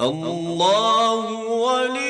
الله ولي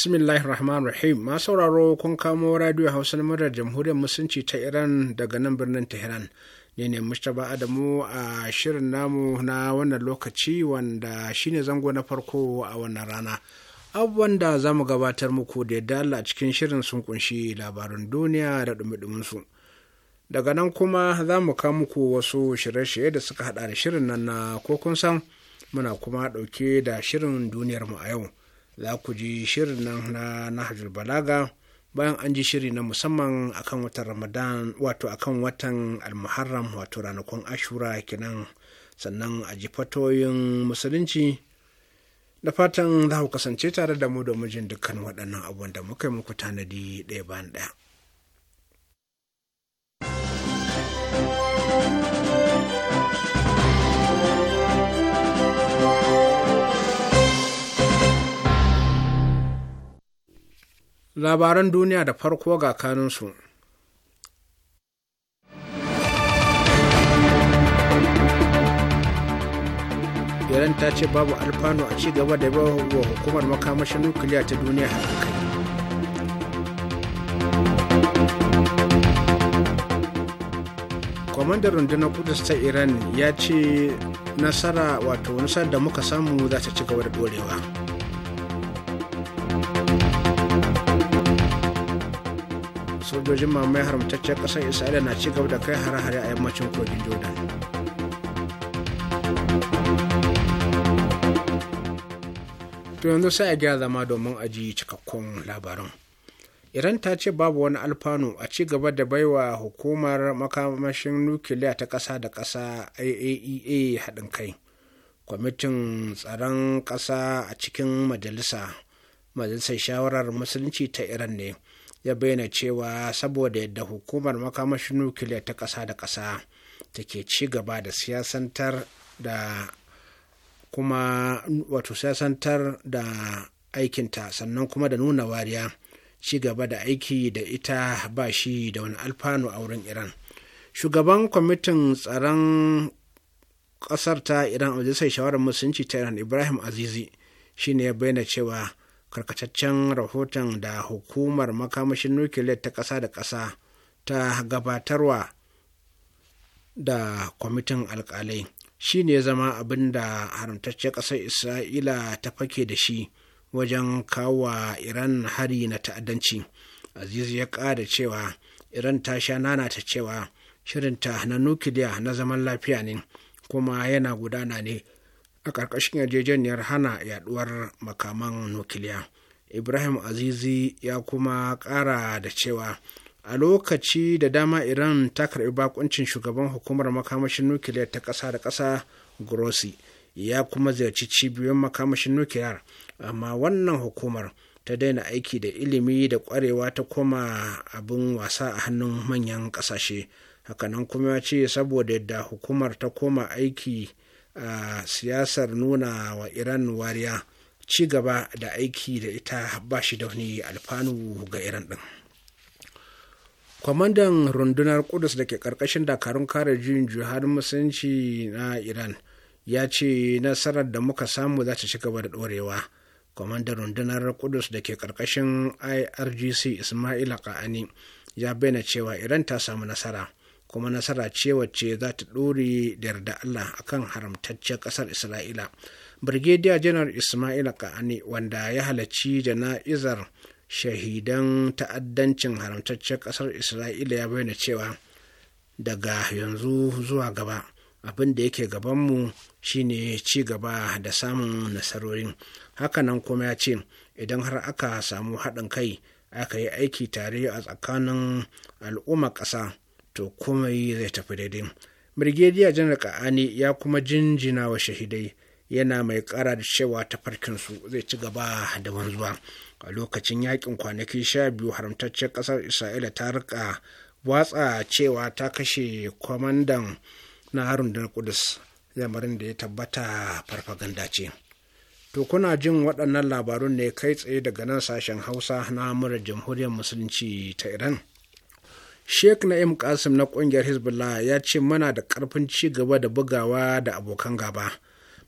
bismillahir rahmanir rahim ma sauraro kun kamo radio hausa na murar jamhuriyar musulunci ta iran daga nan birnin tehran ne ne mustapha adamu a shirin namu na wannan lokaci wanda shine zango na farko a wannan rana abubuwan da za mu gabatar muku da dala cikin shirin sun kunshi labarin duniya da dumi su daga nan kuma za mu kawo muku wasu shirye-shirye da suka hada da shirin nan na kun san muna kuma dauke da shirin duniyarmu a yau za ku ji shirin nan na nahajul balaga bayan an ji shiri na musamman akan watan ramadan wato akan watan almuharram wato ranakun ashura kenan sannan a ji fatoyin musulunci da fatan za ku kasance tare da mu domin jin dukkan waɗannan abubuwan da muka yi muku tanadi ɗaya bayan ɗaya labaran duniya da farko ga kanunsu. Iran ta ce babu alfano a ci gaba da wa hukumar makamashin nukiliya ta duniya haɗin Kwamandan rundunar kudus ta Iran ya ce nasara wato nasar da muka samu za ta ci gaba da dorewa. sojojin mamaye haramtaccen ƙasar isra'ila na ci gaba da kai hare-hare a yammacin kogin jordan to yanzu sai a gyara zama domin a ji cikakkun labarin iran ta ce babu wani alfanu a ci gaba da baiwa hukumar makamashin nukiliya ta ƙasa da ƙasa iaea e haɗin kai kwamitin tsaron ƙasa a cikin majalisa majalisar shawarar musulunci ta iran ne ya bayyana cewa saboda yadda hukumar makamashin nukiliya ta kasa da ƙasa take ci gaba da siyasantar da kuma wato siyasantar da aikinta sannan kuma da nuna wariya ci gaba da aiki da ita ba shi da wani alfanu a wurin iran shugaban kwamitin tsaron ƙasar ta iran a waje-sai shawarar musulunci ta iran ibrahim azizi shine ya bayyana cewa karkataccen rahoton da hukumar makamashin nukiliya ta ƙasa da ƙasa ta gabatarwa da kwamitin alkalai shi ne zama abin da haramtaccen ƙasar isra'ila ta fake da shi wajen kawo iran hari na ta'addanci aziz ya ƙara cewa iran ta sha nana ta cewa shirinta na nukiliya na zaman lafiya ne kuma yana gudana ne a ƙarƙashin yarjejeniyar hana yaduwar makaman nukiliya ibrahim azizi ya kuma ƙara da cewa a lokaci da dama iran ta karɓi bakuncin shugaban hukumar makamashin nukiliyar ta ƙasa da ƙasa grossi ya kuma ziyarci cibiyoyin makamashin nukiliyar amma wannan hukumar ta daina aiki da ilimi da ƙwarewa ta koma abin wasa a hannun manyan ƙasashe hakanan kuma ya ce saboda yadda hukumar ta koma aiki a siyasar nuna wa iran wariya ci gaba da aiki da ita ba shi da wani alfanu ga iran din kwamandan rundunar kudus da ke karkashin dakarun kare juyin juhar musulunci na iran ya ce nasarar da muka samu za ta ci gaba da dorewa kwamandan rundunar kudus da ke karkashin irgc ismaila ka'ani ya bayyana cewa iran ta samu nasara kuma nasara ce wacce za ta ɗore da yarda Allah akan haramtacciyar ƙasar Isra'ila. Brigadier janar Ismail Ka'ani wanda ya halarci jana'izar shahidan ta'addancin haramtacciyar ƙasar Isra'ila ya bayyana cewa daga yanzu zuwa gaba abin da yake gabanmu shine ci gaba da samun nasarorin. Hakanan kuma ya ce idan har aka samu haɗin kai aka yi aiki tare a tsakanin al'umma ƙasa to komai zai tafi daidai birgediya janar ka'ani ya kuma jinjina wa shahidai yana mai kara da cewa tafarkinsu zai ci gaba da wanzuwa a lokacin yakin kwanaki sha biyu haramtaccen kasar isra'ila ta rika watsa cewa ta kashe kwamandan na rundunar kudus lamarin da ya tabbata farfaganda ce to kuna jin waɗannan labarun ne kai tsaye daga nan sashen hausa na murar jamhuriyar musulunci ta iran sheikh na'im Qasim na kungiyar hezbollah ya ce mana da ƙarfin ci gaba da bugawa da abokan gaba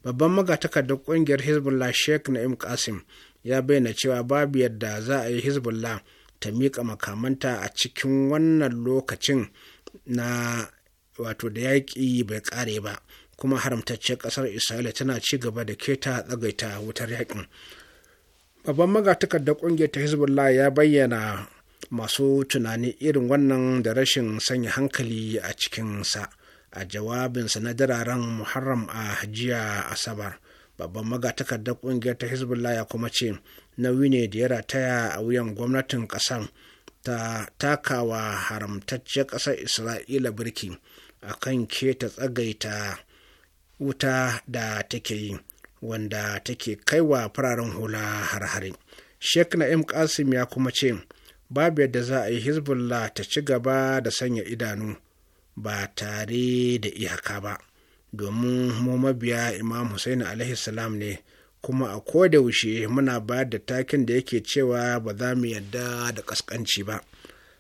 babban magatakardar kungiyar hezbollah sheikh na'im Qasim ya bayyana cewa babu yadda za a yi hezbollah ta miƙa makamanta a cikin wannan lokacin na wato da yaƙi bai ƙare ba kuma haramtacciyar ƙasar isra'ila tana ci gaba da keta tsagaita wutar yaƙin babban magatakardar kungiyar ta hezbollah ya bayyana masu tunani irin wannan da rashin sanya hankali a cikinsa a jawabinsa na dararen muharram a jiya asabar babban magatakardar kungiyar ta hezbollah ya kuma ce nauyi ne da ya rataya a wuyan gwamnatin kasar ta takawa haramtacciyar kasar isra'ila birki a kan ta tsagaita wuta da take yi wanda take kaiwa fararen hula har-hare sheikh na'im kasim ya kuma ce babu yadda za a yi hezbollah ta ci gaba da sanya idanu ba tare da iyaka ba domin mu mabiya imam hussein alaihi salam ne kuma a kodaushe muna ba da takin da yake cewa ba za mu yadda da kaskanci ba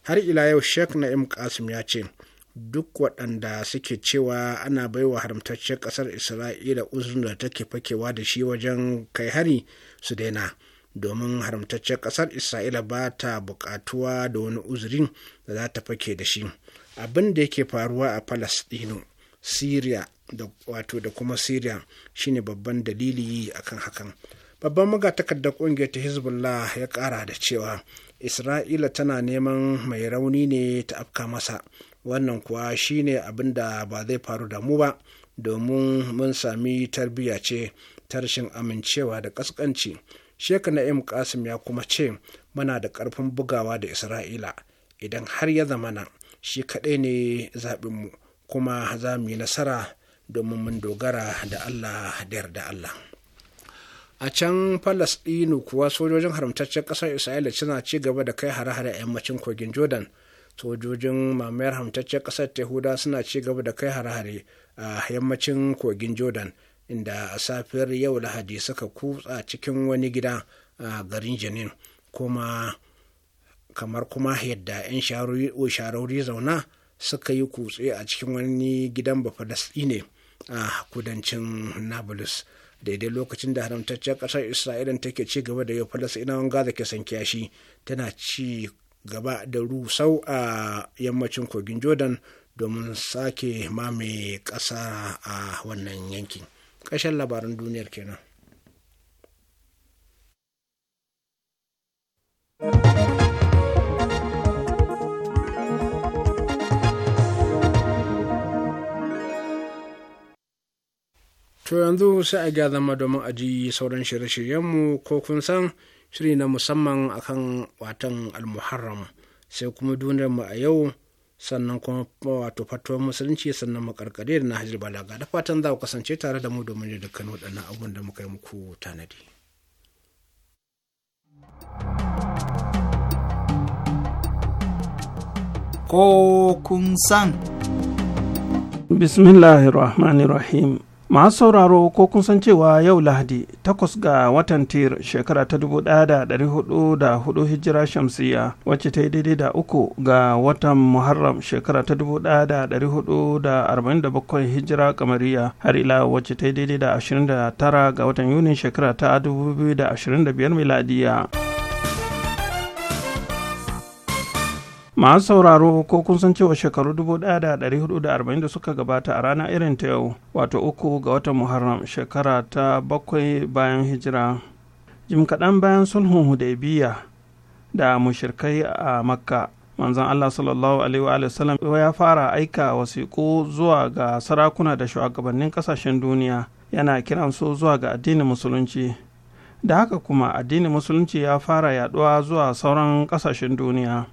har ila yau sheikh na'im kasim ya ce duk waɗanda suke cewa ana baiwa haramtacciyar ƙasar isra'ila uzun da take fakewa da shi wajen kai hari su daina domin haramtaccen ƙasar isra'ila ba ta buƙatuwa da wani uzurin da za ta fake da shi abin da yake faruwa a palestino syria da wato da kuma syria shine babban dalili akan hakan babban da ƙungiyar ta hezbollah ya ƙara da cewa isra'ila tana neman mai rauni ne ta afka masa wannan kuwa shine abin da ba zai faru da mu ba domin mun sami tarbiyya ce ta rashin amincewa da ƙasƙanci Sheikh Na'im kasim ya kuma ce muna da ƙarfin bugawa da Isra'ila idan har ya zama nan shi kaɗai ne zaɓinmu kuma za mu yi nasara domin mun dogara da Allah da yarda Allah. A can Falasɗinu kuwa sojojin haramtaccen ƙasar Isra'ila suna ci gaba da kai hare-hare a yammacin kogin Jordan. Sojojin mamayar haramtaccen ƙasar Tehuda suna ci gaba da kai hare-hare a yammacin kogin Jordan. inda a safiyar yau lahadi suka kutsa cikin wani gida a garin janin kuma kamar kuma yadda 'yan sharori zauna suka yi kutse a cikin wani gidan ne a kudancin nablus daidai lokacin da haramtaccen ƙasar isra'ila take ci gaba da yau falasɗinawan gaza ke san kiyashi tana ci gaba da rusau a yammacin kogin jordan domin sake mame ƙasa a wannan yankin. ƙarshen labaran duniyar kenan. To yanzu sai a ga zama domin a ji sauran shirye-shiryenmu ko kun san shiri na musamman akan watan almuharram sai kuma duniyarmu a yau sannan kuma wato fatuwar musulunci sannan makarkare da nahajir balaga da fatan za ku kasance tare da mu domin da dukkan waɗannan abubuwan da muka yi muku tanadi. Ko kun san. Bismillahirrahmanirrahim. masu sauraro ko kun san cewa yau lahadi takwas ga watan tir shekara ta dubu ɗaya da dari hudu da hudu hijira shamsiya wacce ta yi daidai da uku ga watan muharram shekara ta dubu ɗaya da dari hudu da arba'in da bakwai hijira kamariya har ila wacce ta yi daidai da ashirin da tara ga watan yuni shekara ta dubu biyu da ashirin da biyar miladiya. masu sauraro ko kun san cewa shekaru 1440 da suka gabata a rana irin ta yau wato uku ga watan muharram shekara ta bakwai bayan hijira jim kaɗan bayan sulhun hudaybiya da mushirkai a makka manzon allah sallallahu alaihi wa sallam ya fara aika wasiƙu zuwa ga sarakuna da shugabannin ƙasashen duniya yana kiran su zuwa ga addinin musulunci da haka kuma addinin musulunci ya fara yaɗuwa zuwa sauran ƙasashen duniya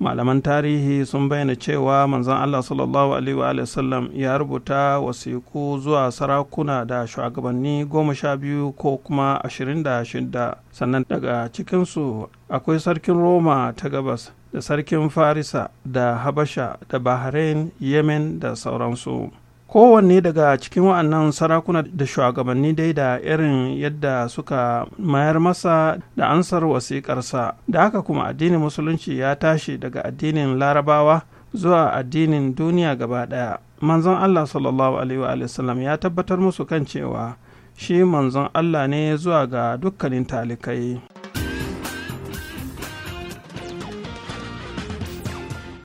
malaman tarihi sun bayyana cewa manzon allah sallallahu alaihi wa sallam ya rubuta wasiku zuwa sarakuna da shugabanni goma sha biyu ko kuma ashirin da shida sannan daga cikinsu akwai sarkin roma ta gabas da sarkin farisa da habasha da bahrain yemen da sauransu kowanne daga cikin wa'annan sarakuna da shugabanni dai da irin yadda suka mayar masa da ansar wasiƙarsa da haka kuma addinin musulunci ya tashi daga addinin larabawa zuwa addinin duniya gaba ɗaya manzon allah sallallahu alaihi ya tabbatar musu kan cewa shi manzon allah ne zuwa ga dukkanin talikai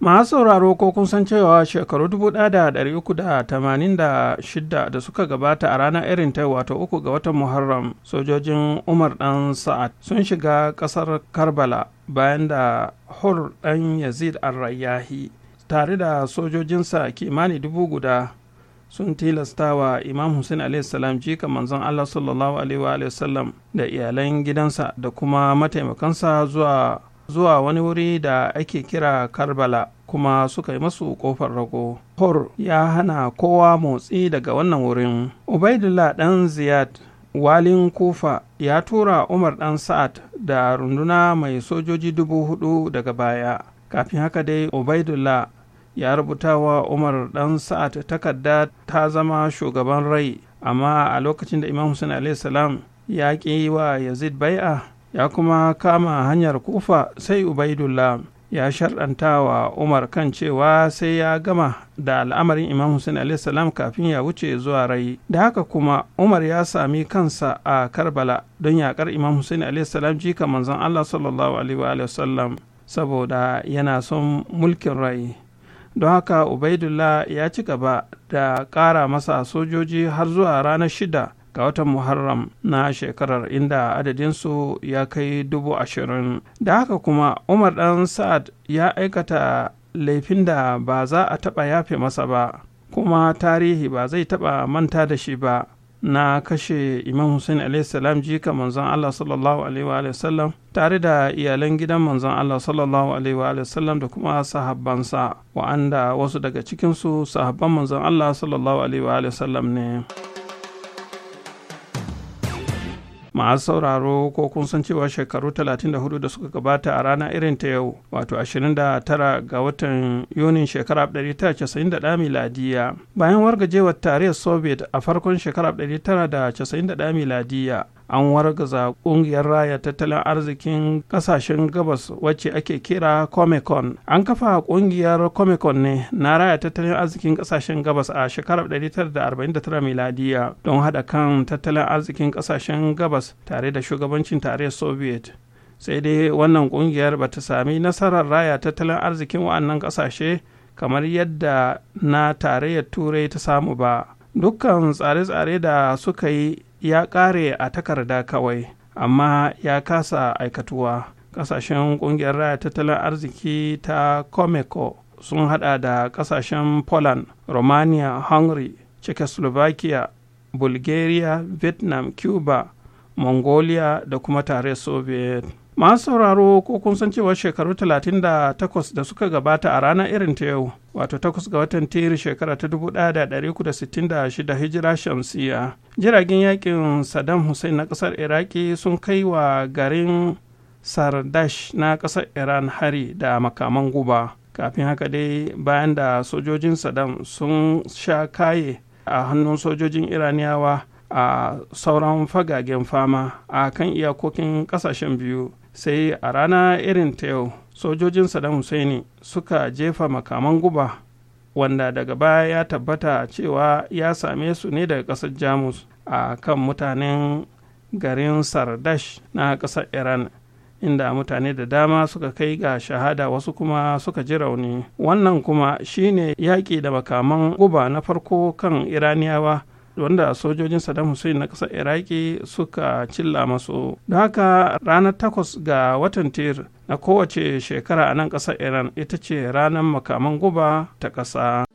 masu sauraro ko kun san cewa shekaru 1386 da suka gabata a ranar irin ta wato uku ga watan muharram sojojin umar dan sa'ad sun shiga kasar karbala bayan da hur dan yazid arrayahi tare da sojojinsa kimani dubu guda sun tilasta wa imam hussein a.s. jika manzon allah sallallahu alaihi da iyalan gidansa da kuma mataimakansa zuwa zuwa wani wuri da ake kira Karbala kuma suka yi masu ƙofar rago. Hor ya hana kowa motsi daga wannan wurin. Ubaidullah Dan Ziyad walin kufa ya tura umar dan sa'ad da runduna mai sojoji dubu hudu daga baya kafin haka dai ubaidullah ya rubuta wa umar Dan sa'ad takarda ta zama shugaban rai amma a lokacin da imam hussein a.s. ya ƙi wa yazid bai'a ya kuma kama hanyar kufa sai ubaidullah ya sharɗanta wa umar kan cewa sai ya gama da al'amarin imam hussein salam kafin ya wuce zuwa rai da haka kuma umar ya sami kansa a karbala don yaƙar imam hussein salam jika manzon allah sallallahu alaihi wasallam saboda yana son mulkin rai don haka ubaidullah ya ci gaba da ƙara masa sojoji har zuwa ranar shida ga watan muharram na shekarar inda adadinsu ya kai dubu ashirin da haka kuma umar dan sa'ad ya aikata laifin da ba za a taɓa yafe masa ba kuma tarihi ba zai taɓa manta da shi ba na kashe imam hussein salam jika manzon allah sallallahu alaihi sallam tare da iyalan gidan manzon allah sallallahu alaihi sallam da kuma sahabbansa wa'anda wasu daga cikinsu sahabban manzon allah sallallahu alaihi sallam ne. masu sauraro ko kun san cewa shekaru 34 da suka gabata a rana irin ta yau wato 29 ga watan yunin shekara 1991 miladiya bayan wargajewar tarayyar soviet a farkon shekara 1991 miladiya an wargaza kungiyar raya tattalin arzikin kasashen gabas wacce ake kira comecon an kafa kungiyar comecon ne na raya tattalin arzikin kasashen gabas a shekarar 1949 miladiya don hada kan tattalin arzikin kasashen gabas tare da shugabancin tarayyar soviet sai dai wannan kungiyar ba ta sami nasarar raya tattalin arzikin wa'annan kasashe kamar yadda na tarayyar turai ta samu ba dukkan tsare-tsare da suka yi ya ƙare a takarda kawai amma ya kasa aikatuwa Kasashen ƙungiyar raya tattalin arziki ta comeco sun hada da ƙasashen poland romania hungary czechoslovakia bulgaria vietnam cuba mongolia da kuma tare soviet masu sauraro ko kun san cewa shekaru 38 da suka gabata a ranar irin ta yau wato 8 ga watan tiri shekara ta 1966 hijira shamsiya jiragen yakin saddam hussein na kasar iraki sun kai wa garin sardash na kasar iran hari da makaman guba kafin haka dai bayan da sojojin saddam sun sha kaye a hannun sojojin iraniyawa a sauran fagagen fama a kan iyakokin kasashen biyu sai a rana irin ta yau sojojin saddam husaini suka jefa makaman guba wanda daga baya ya tabbata cewa ya same su ne daga ƙasar jamus a kan mutanen garin sardash na ƙasar iran inda mutane da dama suka kai ga shahada wasu kuma suka ji rauni wannan kuma shine yaƙi da makaman guba na farko kan iraniyawa wanda sojojin saddam hussein na ƙasar iraki suka cilla masu don haka ranar takwas ga watan tir na kowace shekara a nan ƙasar iran ita ce ranar makaman guba ta ƙasa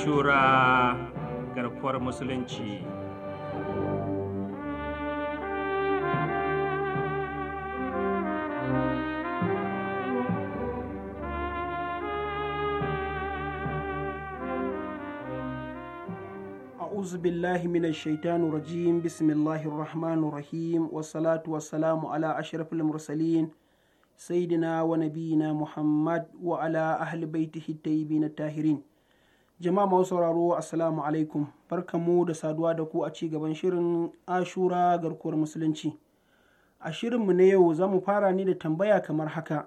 ashura garkuwar musulunci أعوذ بالله من الشيطان الرجيم بسم الله الرحمن الرحيم والصلاة والسلام على أشرف المرسلين سيدنا ونبينا محمد وعلى أهل بيته الطيبين الطاهرين jama'a masu sauraro assalamu alaikum barkamu da saduwa da ku a ci gaban shirin ashura garkuwar musulunci a shirinmu na yau za mu fara ne da tambaya kamar haka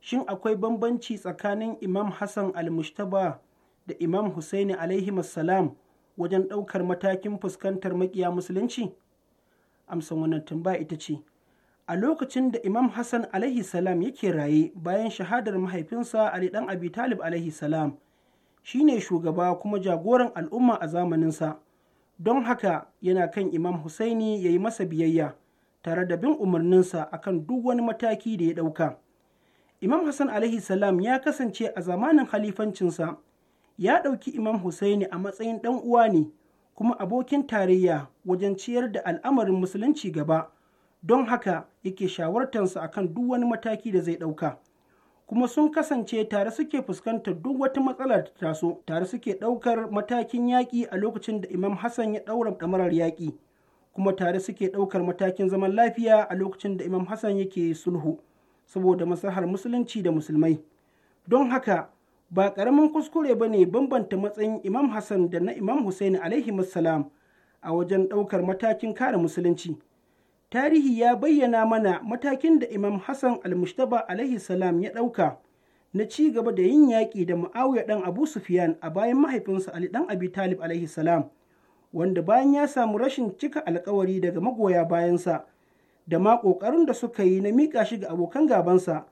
shin akwai bambanci tsakanin imam hassan almustaba da imam husaini alaihi salam wajen ɗaukar matakin fuskantar maƙiya musulunci amsan wannan tambaya ita ce a lokacin da imam hassan alaihi salam yake raye bayan shahadar mahaifinsa ali dan abi talib alaihi salam Shi ne shugaba kuma jagoran al'umma a zamaninsa don haka yana kan imam husaini ya yi masa biyayya tare da bin umarninsa akan duk wani mataki da ya ɗauka imam hassan alaihi salam ya kasance a zamanin halifancinsa ya ɗauki imam husaini a matsayin ɗan uwa ne kuma abokin tarayya wajen ciyar da al'amarin musulunci gaba don haka yake shawartansa akan duk wani mataki da zai ɗauka kuma sun kasance tare suke fuskantar duk wata matsalar ta taso tare suke ɗaukar matakin yaƙi a lokacin da imam hassan ya ɗaura ɗamarar yaƙi kuma tare suke ɗaukar matakin zaman lafiya a lokacin da imam hassan yake sulhu saboda masahar musulunci da musulmai don haka ba ƙaramin kuskure ba ne bambanta matsayin imam hassan da na imam Husaini alaihi a wajen ɗaukar matakin kare musulunci tarihi ya bayyana mana matakin da Imam Hassan al-Mushtaba alaihi salam ya ɗauka na ci gaba da yin yaƙi da Muawiya ɗan Abu Sufiyan a bayan mahaifinsa Ali ɗan Abi Talib alaihi salam wanda bayan ya samu rashin cika alkawari daga magoya bayansa da ma ƙoƙarin da suka yi na miƙa shi ga abokan gabansa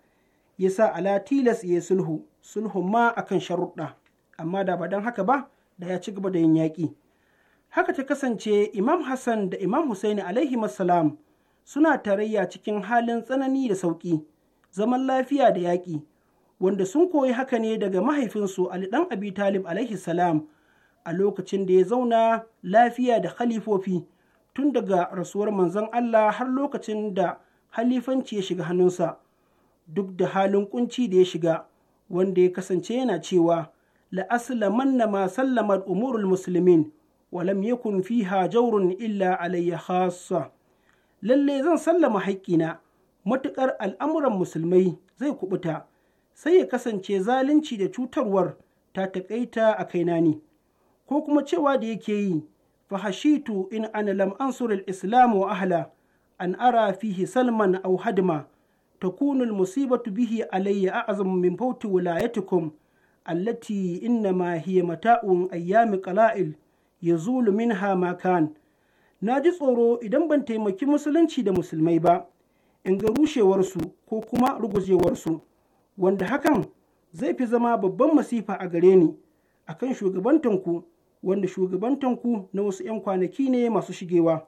ya sa ala tilas ya sulhu sulhu ma akan sharuɗa amma da ba don haka ba da ya ci gaba da yin yaƙi haka ta kasance imam hassan da imam husaini alaihi salam suna tarayya cikin halin tsanani da sauƙi, zaman lafiya da yaƙi, wanda sun koyi haka ne daga mahaifinsu Ali ɗan Abi Talib alaihi salam a lokacin da ya zauna lafiya da khalifofi tun daga rasuwar manzon Allah har lokacin da halifanci ya shiga hannunsa duk da halin kunci da ya shiga wanda ya kasance yana cewa manna ma sallamar umurul musulmin, walam yakun fiha jawrun illa alayya khassa lalle zan sallama haƙƙina matuƙar al'amuran musulmai zai kubuta sai ya kasance zalunci da cutarwar ta taƙaita a kaina ne ko kuma cewa da yake yi fahashitu in ana lam ansur islam wa ahla an ara fihi salman aw hadma takunu al-musibatu bihi alayya a'zamu min fawti wilayatikum allati innama hiya mata'un ayyami qala'il yazulu minha ma makan na ji tsoro idan ban taimaki musulunci da musulmai ba in ga rushewarsu ko kuma rugujewarsu wanda hakan zai fi zama babban masifa a gare ni akan shugabantanku wanda shugabantanku na wasu 'yan kwanaki ne masu shigewa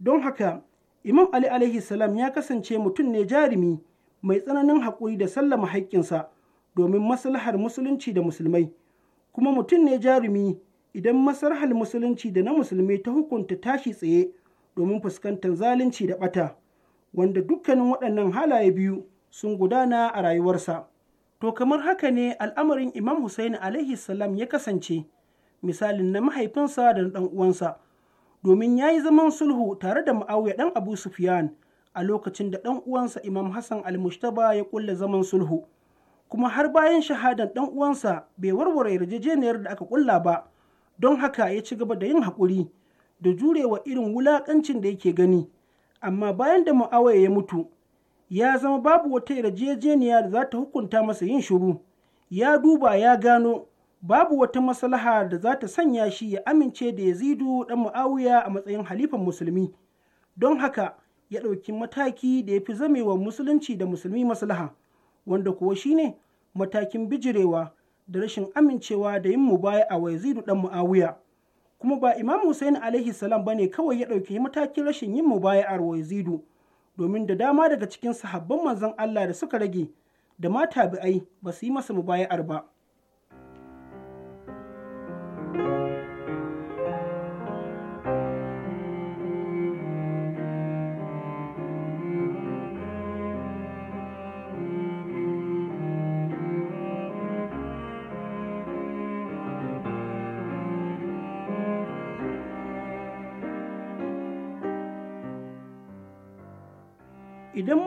don haka imam ali alaihi salam ya kasance mutum ne jarumi mai tsananin haƙuri da sallama haƙƙinsa domin maslahar musulunci da musulmai kuma mutum ne jarumi idan masarhal musulunci da na musulmi ta hukunta tashi tsaye domin fuskantar zalunci da ɓata wanda dukkanin waɗannan halaye biyu sun gudana a rayuwarsa to kamar haka ne al'amarin imam hussaini alaihi salam ya kasance misalin na mahaifinsa da na ɗan uwansa domin ya yi zaman sulhu tare da ma'auya ɗan abu sufyan a lokacin da ɗan uwansa imam hassan almustaba ya ƙulla zaman sulhu kuma har bayan shahadan ɗan uwansa bai warware yarjejeniyar da aka ƙulla ba don haka ya ci gaba da yin haƙuri da jurewa irin wulaƙancin da yake gani amma bayan da ma'awaya ya mutu ya zama babu wata yarjejeniya da za ta hukunta masa yin shiru ya duba ya gano babu wata maslaha da za ta sanya shi ya amince da yazidu dan mu'awiya a matsayin halifan musulmi don haka ya ɗauki mataki da ya fi zamewa musulunci da musulmi maslaha wanda kuwa shine matakin bijirewa da rashin amincewa da yin mubaya'a a Yazidu dan Muawiya kuma ba Imam husaini alaihi salam bane kawai ya ɗauki matakin rashin yin mubaya'ar a Yazidu domin da dama daga cikin sahabban manzon Allah da suka rage da ma tabi'ai ba su yi masa mubaya'ar ba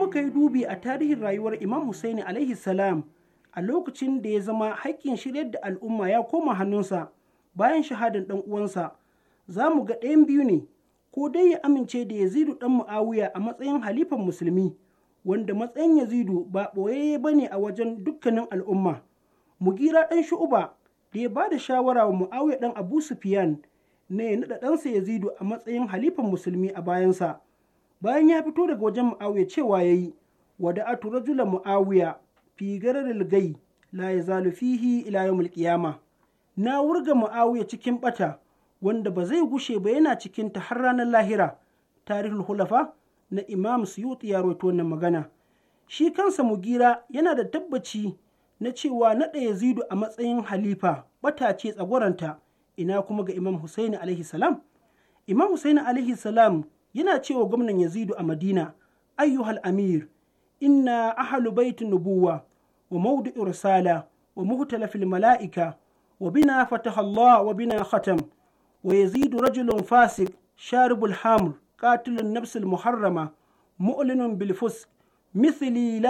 muka yi dubi a tarihin rayuwar Imam Hussaini alaihi salam a lokacin da ya zama haƙƙin shiryar da al'umma ya koma hannunsa bayan shahadar ɗan uwansa za mu ga ɗayan biyu ne ko dai ya amince da Yazidu ɗan Mu'awiya a matsayin halifan musulmi wanda matsayin Yazidu ba ɓoye ba ne a wajen dukkanin al'umma. mu Mugira ɗan Shu'uba da ya ba da shawara wa Mu'awiya ɗan Abu sufiyan ne ya naɗa ɗansa Yazidu a matsayin halifan musulmi a bayansa. bayan ya fito daga wajen mu'awiya cewa ya yi wada atu rajula mu'awiya fi da gai la ya zalu fihi ila na wurga mu'awiya cikin bata wanda ba zai gushe ba yana cikin ta har ranar lahira tarihul hulafa na imam suyuti ya wannan magana shi kansa mugira yana da tabbaci na cewa na ɗaya yazidu a matsayin halifa bata ce tsagwaranta ina kuma ga imam husaini alaihi salam imam husaini alaihi salam yana cewa gwamnan Yazidu a Madina, ayyuhal amir, inna ahalu baitin nubuwa wa maudu risala wa muhtalafil mala'ika wa bina fataha Allah wa bina khatam wa yazidu rajulun fasik sharibul hamr qatilun nafsil muharrama Bilfus, mu'linun bil fusk مثلي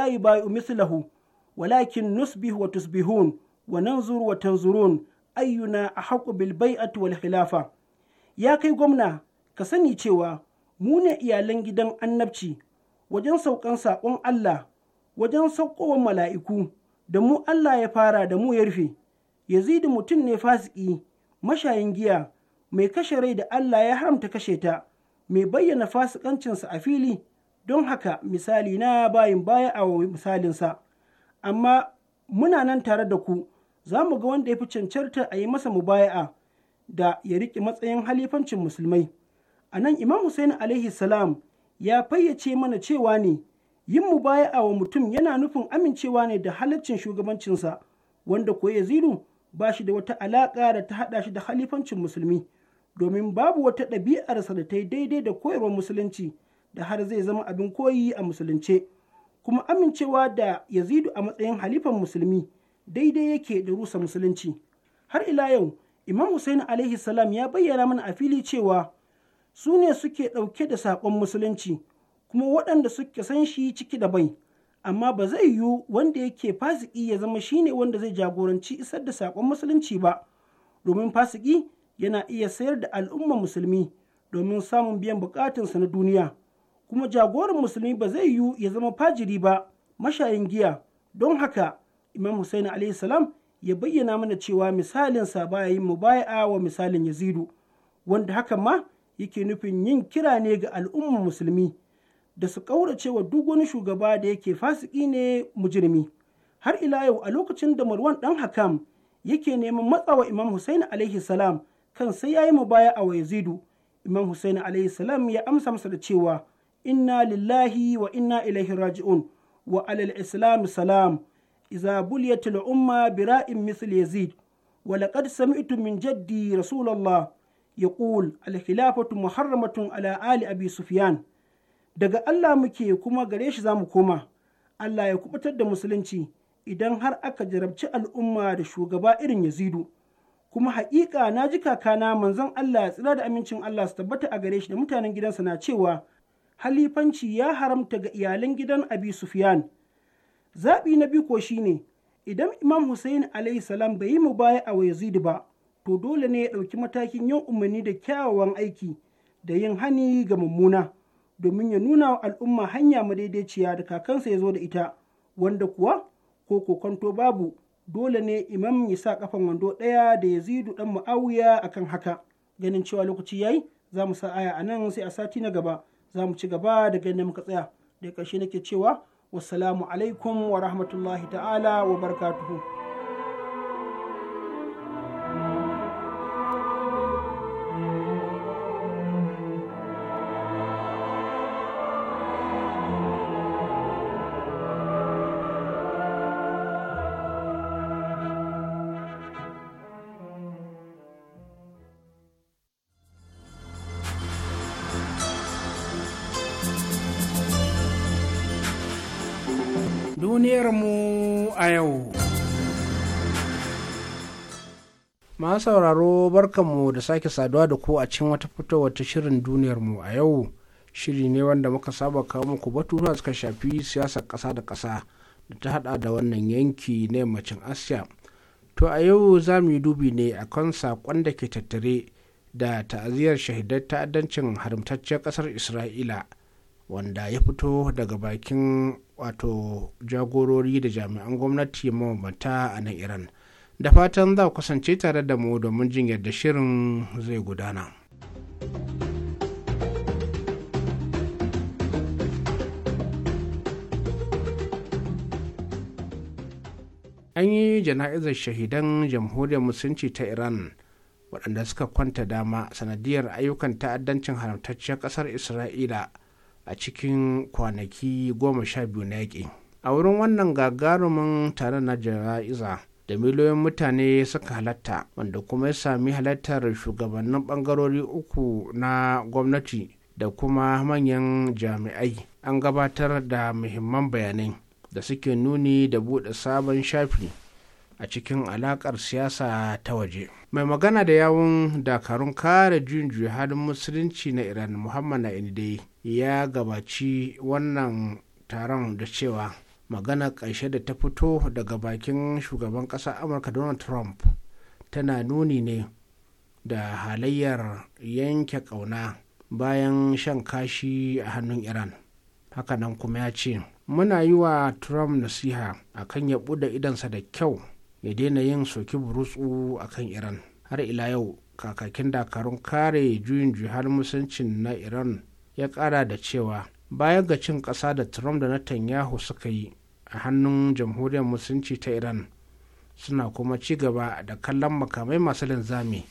walakin Nusbihu, wa tusbihun, wa nanzuru wa tanzurun, ayyuna a haƙubil bai'atu wal khilafa ya kai gwamna ka sani cewa mu ne iyalan gidan annabci wajen saukan saƙon Allah wajen saukowa mala'iku da mu Allah ya fara da mu ya rufe yazidu mutum ne fasiki mashayin giya mai kashe rai da Allah ya haramta kashe ta mai bayyana fasikancinsa a fili don haka misali na bayin baya a misalinsa amma muna nan tare da ku za mu ga wanda ya fi cancanta a yi masa mubaya'a da ya riƙe matsayin halifancin musulmai. A nan Imam Hussein alaihi salam ya fayyace mana cewa ne yin mu wa mutum yana nufin amincewa ne da halaccin shugabancinsa wanda ko Yazidu ba shi da wata alaƙa da ta haɗa shi da halifancin musulmi domin babu wata ɗabi'arsa da ta yi daidai da koyarwar musulunci da har zai zama abin koyi a musulunce kuma amincewa da Yazidu a matsayin halifan musulmi daidai yake da rusa musulunci har ila yau Imam Hussein alaihi salam ya bayyana mana a fili cewa su ne suke ɗauke da saƙon musulunci kuma waɗanda suke san shi ciki da bai amma ba zai yiwu wanda yake fasiki ya zama shi ne wanda zai jagoranci isar da saƙon musulunci ba domin fasiki yana iya sayar da al'umma musulmi domin samun biyan bukatunsa na duniya kuma jagoran musulmi ba zai yiwu ya zama fajiri ba mashayin giya don haka imam Hussein alayhi salam ya bayyana mana cewa misalinsa baya yin mubaya'a wa misalin yazidu wanda hakan ma yake nufin yin kira ne ga al'ummar musulmi da su ƙauracewa duk wani shugaba da yake fasiki ne mujirmi har ila yau a lokacin da marwan ɗan hakam yake neman matsawa imam husain alaihi salam kan sai ya yi baya a yazidu imam husaini alaihi salam ya amsa masa da cewa inna lillahi wa inna ilaihi raji'un wa alal islam salam iza buliyatul umma bira'in misl yazid wa laqad sami'tu min jaddi rasulullah yaqul al-khilafatu muharramatun ala ali daga Allah muke kuma gareshi shi zamu koma Allah ya kubutar da musulunci idan har aka jarabci al'umma da shugaba irin Yazidu kuma haƙiƙa na ji kakana manzon Allah ya tsira da amincin Allah su tabbata a gare shi da mutanen gidansa na cewa halifanci ya haramta ga iyalan gidan Abi Sufyan zaɓi na biyu ko shine idan Imam Hussein alayhi bai yi mu baya a Yazidu ba to dole ne ya ɗauki matakin yin umarni da kyawawan aiki da yin hani ga mummuna domin ya nuna wa al'umma hanya madaidaiciya da kakansa ya zo da ita wanda kuwa ko kokonto babu dole ne imam ya sa kafan wando ɗaya da ya yazidu ɗan mu'awiya akan haka ganin cewa lokaci yayi za mu sa aya a nan sai a sati na gaba za mu ci gaba da ganin muka tsaya da ƙarshe nake cewa wassalamu alaikum wa rahmatullahi ta'ala wa barakatuhu duniyarmu a yau. Masu sauraro barkanmu da sake saduwa da ku a cikin wata fitowar ta shirin duniyar mu a yau. Shiri ne wanda muka saba kawo muku batutuwa suka shafi siyasar ƙasa da ƙasa da ta hada da wannan yanki na yammacin Asiya. To a yau za mu yi dubi ne a kan saƙon da ke tattare da ta'aziyar shahidar ta'addancin haramtacciyar ƙasar Isra'ila. wanda ya fito daga bakin wato jagorori da jami'an gwamnati mabambanta a nan iran da fatan za kusance tare da mu domin jin yadda shirin zai gudana an yi jana'izar shahidan jamhuriyar musulunci ta iran waɗanda suka kwanta dama sanadiyar ayyukan ta'addancin haramtacciyar ƙasar isra'ila a cikin kwanaki goma sha biyu na yaƙi a wurin wannan gagarumin tare na jana'iza da miliyoyin mutane suka halatta wanda kuma ya sami halattar shugabannin bangarori uku na gwamnati da kuma manyan jami'ai an gabatar da muhimman bayanai da suke nuni da buɗe sabon shafi a cikin alaƙar siyasa ta waje mai magana da yawun dakarun kare juyin halin musulunci na iran muhammad na ya gabaci wannan taron da cewa magana ƙarshe da ta fito daga bakin shugaban ƙasar amurka donald trump tana nuni ne da halayyar yanke ƙauna bayan shan kashi a hannun iran hakanan kuma ya ce muna yi wa trump nasiha akan ya buɗe idansa da kyau ya daina yin soki burutsu akan iran har ila yau kakakin dakarun kare juyin juhar musuncin na iran ya kara da cewa bayan ga cin ƙasa da trump da netanyahu suka yi a hannun jamhuriyar musulunci ta iran suna kuma ci gaba da kallon makamai masu linzami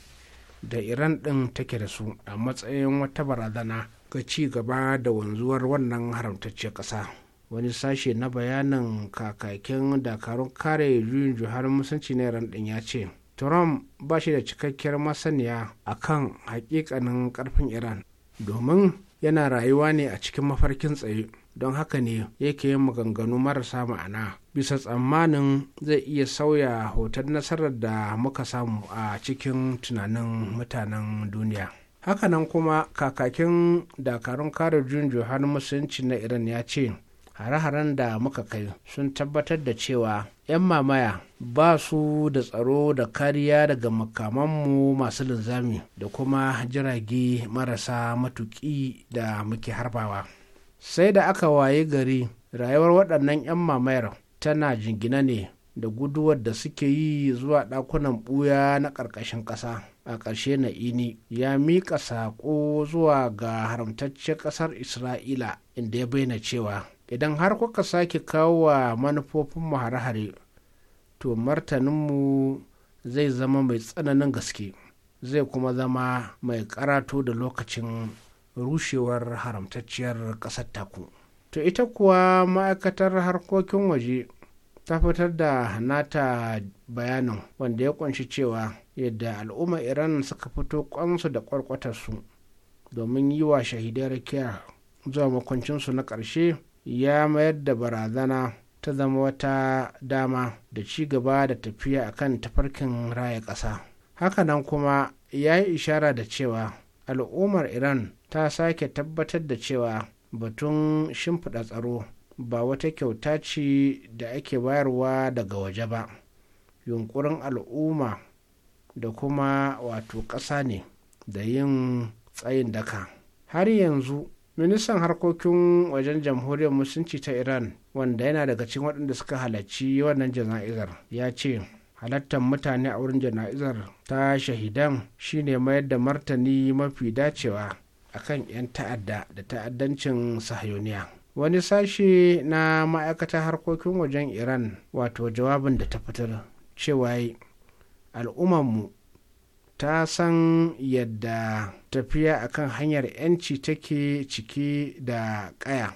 da iran ɗin take da su a matsayin wata barazana ga ci gaba da wanzuwar wannan haramtacciyar ƙasa wani sashe na bayanin kakakin dakarun kare juyin juhar musulunci na iran din ya ce trump ba shi da cikakkiyar masaniya akan hakikanin ƙarfin iran domin yana rayuwa ne a cikin mafarkin tsaye don haka ne yake yin maganganu marasa ma'ana bisa tsammanin zai iya sauya hoton nasarar da muka samu a cikin tunanin mutanen duniya hakanan kuma kakakin dakarun kare juyin har musulunci na iran ya ce hare-haren da muka kai sun tabbatar da cewa 'yan mamaya ba su da tsaro da kariya daga makamanmu masu linzami da kuma jirage marasa matuƙi da muke harbawa sai da aka waye gari rayuwar waɗannan 'yan mamayar tana jingina ne da guduwar da suke yi zuwa ɗakunan ɓuya na ƙarƙashin ƙasa a ƙarshe na ini ya miƙa saƙo zuwa ga haramtaccen ƙasar isra'ila inda ya bayyana cewa idan har kuka sake kawo wa manufofin hare-hare to martaninmu zai zama mai tsananin gaske zai kuma zama mai karato da lokacin rushewar haramtacciyar ƙasar taku to ita kuwa ma'aikatar harkokin waje ta fitar da nata bayanin wanda ya kunshi cewa yadda al'ummar iran suka fito kwansu da kwarkwatarsu domin yi wa shahidai rakiya zuwa makwancinsu na ƙarshe ya mayar da barazana ta zama wata dama da ci gaba da tafiya a kan tafarkin raya ƙasa hakanan kuma ya yi ishara da cewa al'ummar iran ta sake tabbatar da cewa batun shimfiɗa tsaro ba wata kyauta ce da ake bayarwa daga waje ba yunkurin al'umma da kuma wato ƙasa ne da yin tsayin daka har yanzu ministan harkokin wajen jamhuriyar musulunci ta iran wanda yana daga cikin waɗanda suka halarci wannan jana'izar ya ce halartar mutane a wurin jana'izar ta shahidan shine mayar da martani mafi dacewa a kan 'yan ta'adda da ta'addancin sahayoniya wani sashe na ma'aikatar harkokin wajen iran wato jawabin da ta fitar cewa al'ummarmu ta san yadda tafiya akan hanyar 'yanci take cike da ƙaya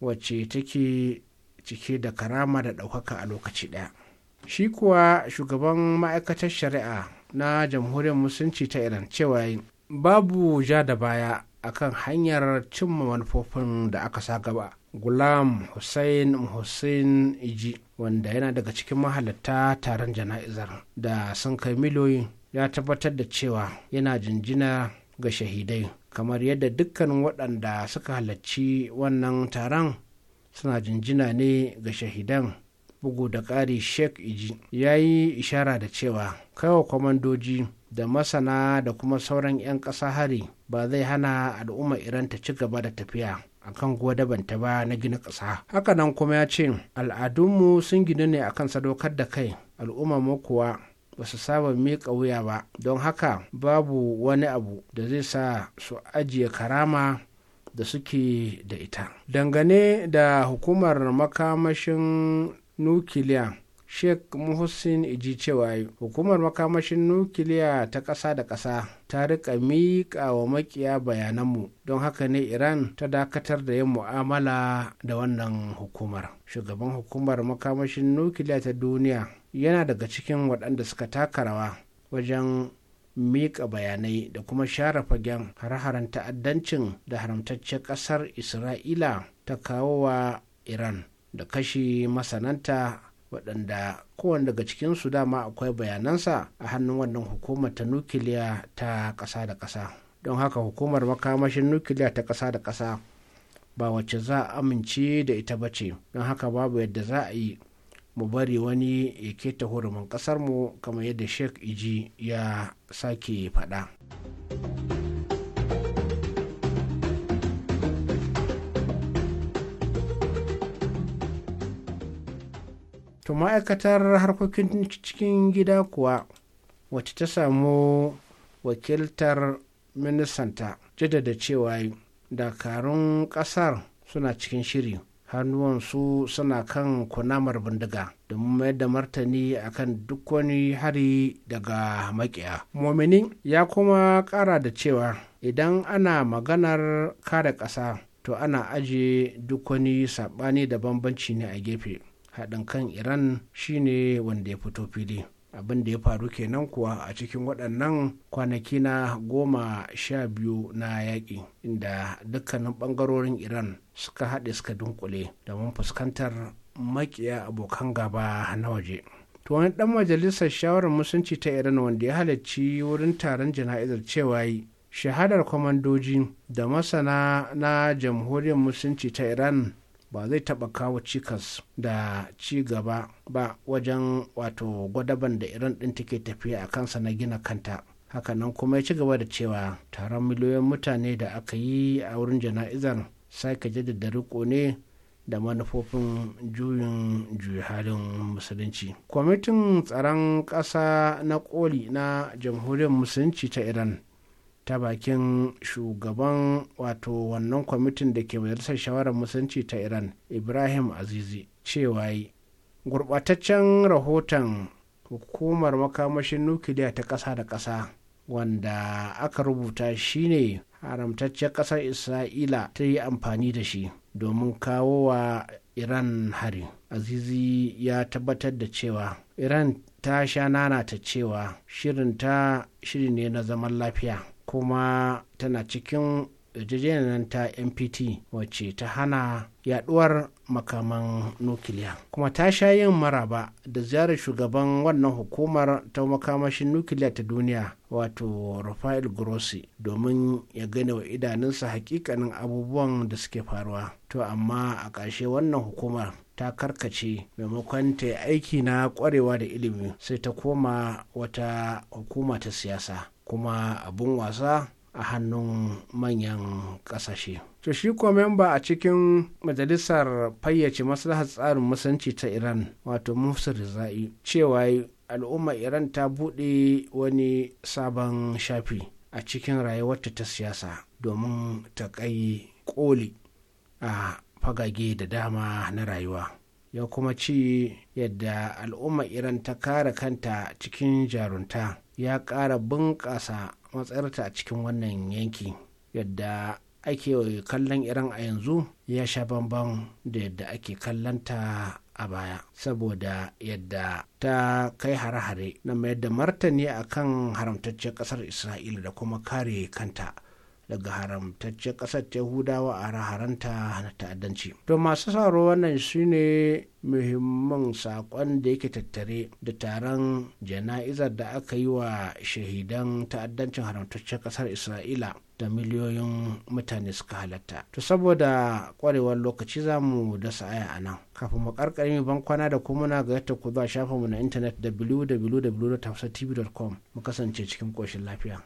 wacce take cike da karama da ɗaukaka a lokaci ɗaya shi kuwa shugaban ma'aikatar shari'a na jamhuriyar musulunci ta iran cewa babu ja da baya akan hanyar cimma manufofin da aka sa gaba gulam hussein hussein iji wanda yana daga cikin mahalatta taron jana'izar da sun kai miliyoyin ya tabbatar da cewa yana jinjina ga shahidai kamar yadda dukkan waɗanda suka halarci wannan taron suna jinjina ne ga shahidan bugu da ƙari sheikh iji ya yi ishara da cewa kawo kwamandoji da masana da kuma sauran 'yan ƙasa hari ba zai hana al'umma iran ta ci gaba da tafiya a akan gwadabanta ba na gina ƙasa hakanan kuma ya ce al'adunmu sun ginu ne akan sadaukar da kai al'umma mu kuwa ba su saba miƙa wuya ba don haka babu wani abu da zai sa su ajiye karama da suke da ita dangane da hukumar makamashin nukiliya sheikh muhussin iji cewa hukumar makamashin nukiliya ta ƙasa da ƙasa ta rika miƙa wa makiya bayananmu don haka ne iran ta dakatar da yin mu'amala da wannan hukumar shugaban hukumar makamashin nukiliya ta duniya yana daga cikin waɗanda suka taka rawa wajen miƙa bayanai da kuma share fagen har-haren ta'addancin da haramtaccen ƙasar isra'ila ta kawo wa iran da kashi masananta waɗanda kowane daga cikinsu dama akwai bayanansa a hannun wannan hukumar ta nukiliya ta ƙasa da ƙasa don haka hukumar makamashin nukiliya ta ƙasa da ƙasa ba wacce za a amince da ita ba ce don haka babu yadda za a yi mu bari wani ya ke ta hurumin ƙasarmu kamar yadda sheikh iji ya sake faɗa. to ma'aikatar harkokin cikin gida kuwa wacce ta samu wakiltar ministanta jaddada cewa dakarun kasar suna cikin shiri hannuwansu suna kan kunamar bindiga domin mayar da martani akan duk wani hari daga makiya mominin ya kuma kara da cewa idan ana maganar kare ƙasa to ana aje duk wani saɓani da bambanci ne a gefe haɗin kan iran shine wanda ya fito fili abin da ya faru kenan kuwa a cikin waɗannan kwanaki na goma sha biyu na yaƙi inda dukkanin ɓangarorin iran suka haɗe suka dunkule domin fuskantar makiya abokan gaba na waje to wani ɗan majalisar shawarar musunci ta iran wanda ya halarci wurin taron jana'izar cewa shahadar kwamandoji da masana na jamhuriyar musulunci ta iran ba zai taɓa kawo cikas da ci gaba ba wajen wato gwadaban da iran ɗin take tafiya a kansa na gina kanta hakanan kuma ya ci gaba da cewa taron miliyoyin mutane da aka yi a wurin jana'izar sake jaddada riko ne da manufofin juyin juyi halin musulunci kwamitin tsaron ƙasa na koli na jamhuriyar musulunci ta iran ta bakin shugaban wato wannan kwamitin da ke majalisar shawarar musanci ta iran ibrahim azizi cewa yi gurɓataccen rahoton hukumar makamashin nukiliya ta ƙasa da ƙasa wanda aka rubuta shine haramtaccen ƙasar isra'ila ta yi amfani da shi domin kawo wa iran hari azizi ya tabbatar da cewa iran ta sha nana ta cewa shirin ta shiri ne na zaman lafiya kuma tana cikin yarjejeniyar ta npt wacce ta hana yaduwar makaman nukiliya kuma ta sha yin maraba da ziyarar shugaban wannan hukumar ta makamashin nukiliya ta duniya wato rafael grossi domin ya gane wa idanunsa hakikanin abubuwan da suke faruwa to amma a ƙarshe wannan hukumar ta karkace maimakon ta aiki na ƙwarewa da ilimi sai ta koma wata hukuma ta siyasa kuma abun wasa a hannun manyan kasashe. To shi kuwa memba a cikin majalisar fayyace maslahar tsarin musanci ta Iran wato Musa Rizai cewa al'umma Iran ta buɗe wani sabon shafi a cikin rayuwarta ta siyasa domin ta kai koli a fagage da dama na rayuwa. Ya kuma ci yadda al'umma Iran ta kare kanta cikin jarunta. ya ƙara bunƙasa matsayarta a cikin wannan yanki yadda ake kallon iran a yanzu ya sha bambam da yadda ake kallonta a baya saboda yadda ta kai hare-hare na mayar da martani kan haramtacciyar ƙasar isra'ila da kuma kare kanta daga haramtaccen ƙasar yahudawa a raharanta na ta'addanci to masu sauraro wannan ne muhimman saƙon da yake tattare da taron jana'izar da aka yi wa shahidan ta'addancin haramtaccen ƙasar isra'ila da miliyoyin mutane suka halatta to saboda ƙwarewar lokaci za mu dasa aya a nan kafin mu karkare bankwana ban da kuma na ga yadda ku zuwa shafinmu na intanet www.tafsatv.com mu kasance cikin ƙoshin lafiya.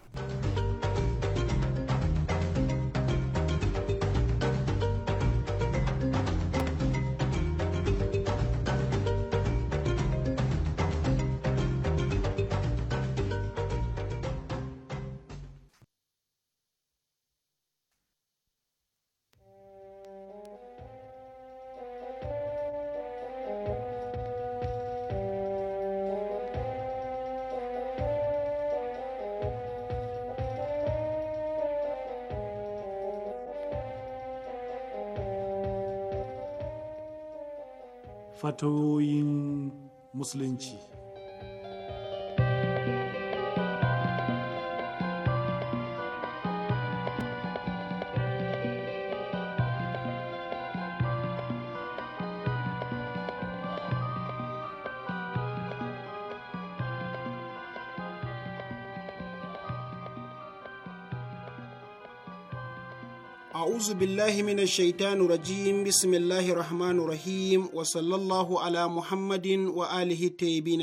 أعوذ بالله من الشيطان الرجيم rahim, الله الرحمن الرحيم وصلى الله على محمد وآله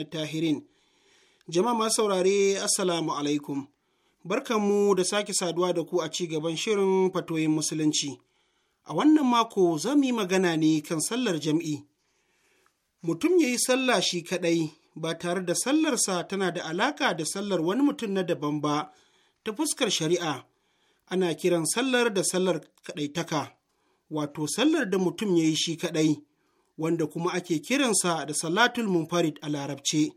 tahirin. Jama'a جماعة سوراري Assalamu alaikum" Barkanmu da sake saduwa da ku a ci gaban shirin fatoyin Musulunci. A wannan mako za mu yi magana ne kan sallar jam'i. Mutum ya yi sallah shi kaɗai ba tare da sallarsa tana da alaƙa da sallar wani mutum na daban ba ta fuskar shari'a. ana kiran sallar da sallar kaɗaitaka, wato sallar da mutum ya yi shi kaɗai, wanda kuma ake kiransa da salatul munfarid a larabce,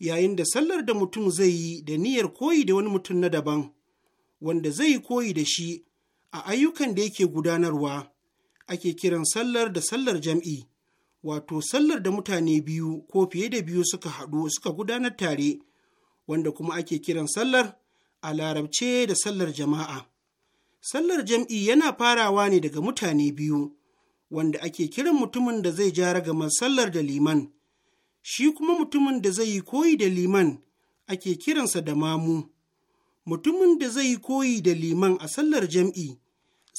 yayin da sallar da mutum zai yi da niyyar koyi da wani mutum na daban, wanda zai yi koyi da shi a ayyukan da yake gudanarwa, ake kiran sallar da sallar jam'i, wato sallar da mutane biyu ko fiye da biyu suka haɗu suka gudanar tare, wanda kuma ake kiran sallar a larabce da sallar jama'a. Sallar jam'i yana farawa ne daga mutane biyu, wanda ake kiran mutumin da zai ja ragamar sallar da liman, shi kuma mutumin da zai yi koyi da liman ake kiransa da mamu. Mutumin da zai yi koyi da liman a sallar jam'i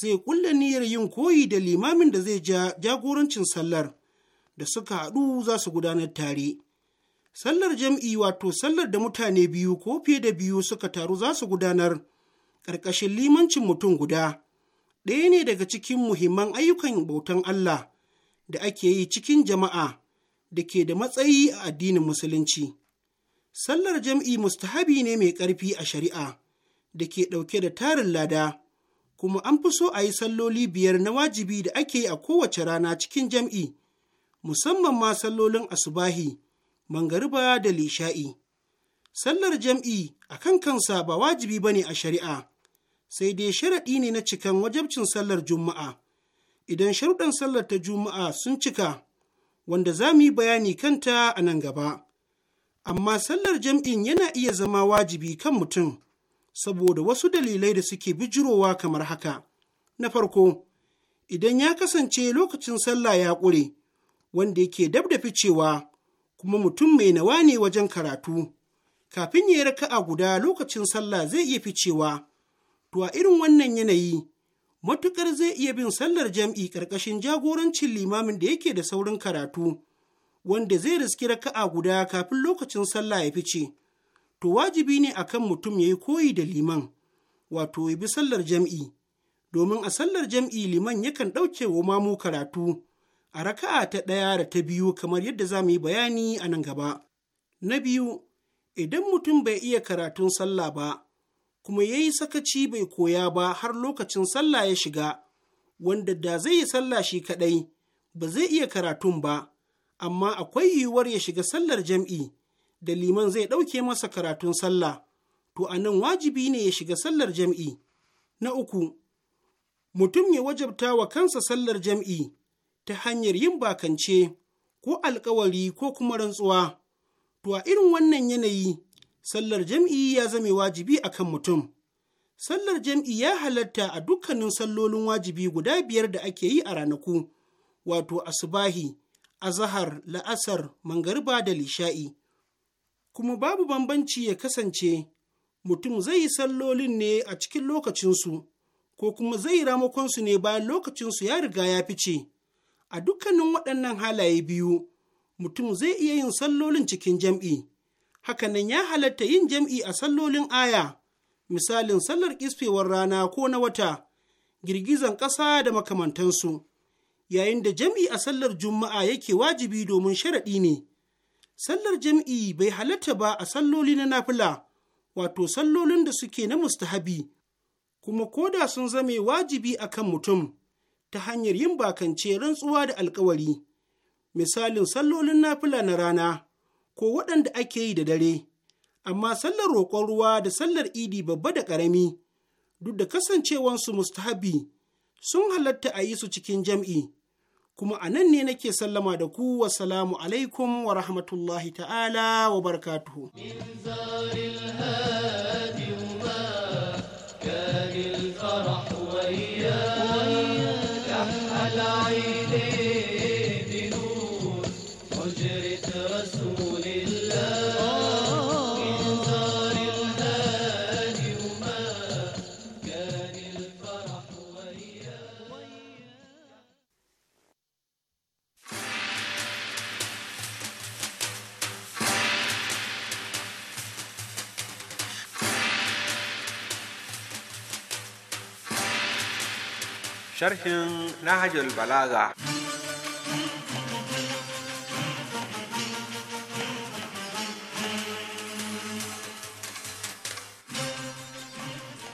zai ƙulla niyyar yin koyi da limamin da zai jagorancin sallar da suka haɗu za su gudanar tare. sallar jam'i wato sallar da mutane biyu ko fiye da biyu suka taru za su gudanar ƙarƙashin limancin mutum guda ɗaya ne daga cikin muhimman ayyukan bautan Allah da ake yi cikin jama'a da ke da matsayi a addinin musulunci. Sallar jam'i mustahabi ne mai ƙarfi a shari'a da ke ɗauke da tarin lada, kuma an fi so a yi salloli biyar na wajibi da ake yi a kowace rana cikin jam'i, musamman ma sallolin asubahi mangariba da lisha'i sallar jam'i a kan kansa ba wajibi ba ne a shari'a sai dai sharaɗi ne na cikan wajabcin sallar juma'a idan sharuɗan sallar ta juma'a sun cika wanda za mu yi bayani kanta a nan gaba amma sallar jam'in yana iya zama wajibi kan mutum saboda wasu dalilai da suke bijirowa kamar haka na farko idan ya kasance lokacin sallah ya ƙure wanda yake dab da ficewa kuma mutum mai nawa ne wajen karatu kafin ya yi raka'a guda lokacin sallah zai iya ficewa to a irin wannan yanayi matuƙar zai iya bin sallar jam'i ƙarƙashin jagorancin limamin da yake da saurin karatu wanda zai riski raka'a guda kafin lokacin sallah ya fice to wajibi ne akan mutum ya yi koyi da liman wato ya bi sallar jam'i domin a sallar jam'i liman yakan ɗauke wa mamu karatu a raka'a ta ɗaya da ta biyu kamar yadda za mu yi bayani a nan gaba. Na biyu, idan mutum bai iya karatun sallah ba, kuma ya yi sakaci bai koya ba har lokacin sallah ya shiga, wanda da zai yi sallah shi kaɗai, ba zai iya karatun ba, amma akwai yiwuwar ya shiga sallar jam'i, da liman zai ɗauke masa karatun sallah, to a nan wajibi ne ya shiga sallar jam'i. Na uku, mutum ya wajabta wa kansa sallar jam'i. ta hanyar yin bakance ko alkawari ko kuma rantsuwa. To a irin wannan yanayi, sallar jam'i ya zame wajibi a kan mutum. Sallar jam'i ya halatta a dukkanin sallolin wajibi guda biyar da ake yi a ranaku, wato asubahi, azahar, la'asar, mangariba da lisha'i. Kuma babu bambanci ya kasance mutum zai yi sallolin ne a cikin lokacinsu, ko kuma zai ramakonsu ne bayan lokacinsu ya riga ya fice. a dukkanin waɗannan halaye biyu mutum zai iya yin sallolin cikin jam'i hakanan ya halatta yin jam'i a sallolin aya misalin sallar ƙisfewar rana ko na wata girgizan ƙasa da makamantansu yayin da jam'i a sallar juma'a yake wajibi domin sharaɗi ne sallar jam'i bai halatta ba a salloli na nafila wato sallolin da suke na mustahabi kuma koda sun zame wajibi akan mutum ta hanyar yin bakance rantsuwa da alkawari, misalin sallolin nafila na rana ko waɗanda ake yi da dare, amma sallar roƙon ruwa da sallar idi babba da ƙarami, duk da kasancewansu mustahabi sun halatta a yi su cikin jam'i. Kuma a nan ne nake sallama da ku wasalamu alaikum wa rahmatullahi ta'ala wa barakatuhu. sharhin nahajul balaga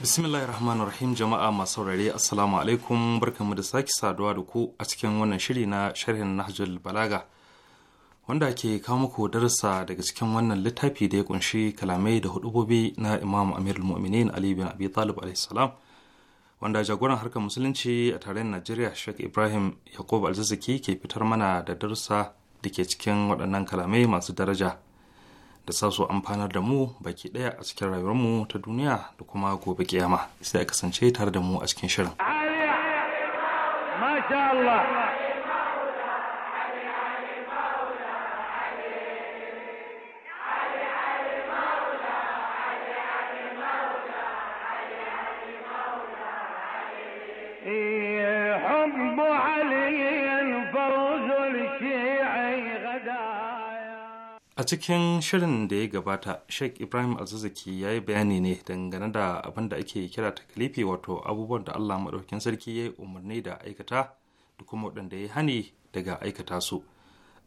bismillahir rahim jama'a masu saurare assalamu alaikum barkanmu da sake saduwa da ku a cikin wannan shiri na sharhin nahjul balaga wanda ke kawo muku darasa daga cikin wannan littafi da ya kunshi kalamai da hudubobi na imam amirul mu'minin ali bin abi talib alaihi salam wanda jagoran harkar musulunci a tarayyar najeriya sheikh ibrahim yakub alzazzaki ke fitar mana da darussa da ke cikin waɗannan kalamai masu daraja da sa su amfanar da mu baki ɗaya a cikin rayuwarmu ta duniya da kuma gobe kiyama sai a kasance tare da mu a cikin shirin. Masha Allah. a cikin shirin da ya gabata sheikh ibrahim alzazzaki ya yi bayani ne dangane da abin da ake kira ta kalifi wato abubuwan da allah maɗaukin sarki ya yi umarni da aikata da kuma waɗanda ya hani daga aikata su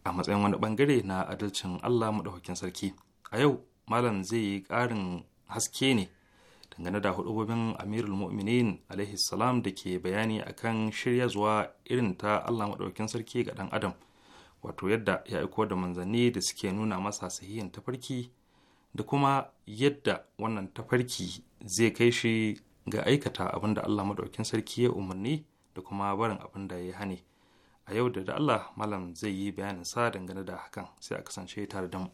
a matsayin wani bangare na adalcin allah maɗaukin sarki a yau malam zai yi ƙarin haske ne dangane da hudubobin amirul mu'minin alaihi salam da ke bayani akan shirya zuwa irin ta allah maɗaukin sarki ga ɗan adam wato yadda ya aiko da manzanni da suke nuna masa sahihin tafarki da kuma yadda wannan tafarki zai kai shi ga aikata abin da Allah maɗaukin sarki ya umarni da kuma barin abin da ya hane a yau da Allah malam zai yi bayanin sa dangane da hakan sai a kasance tare da mu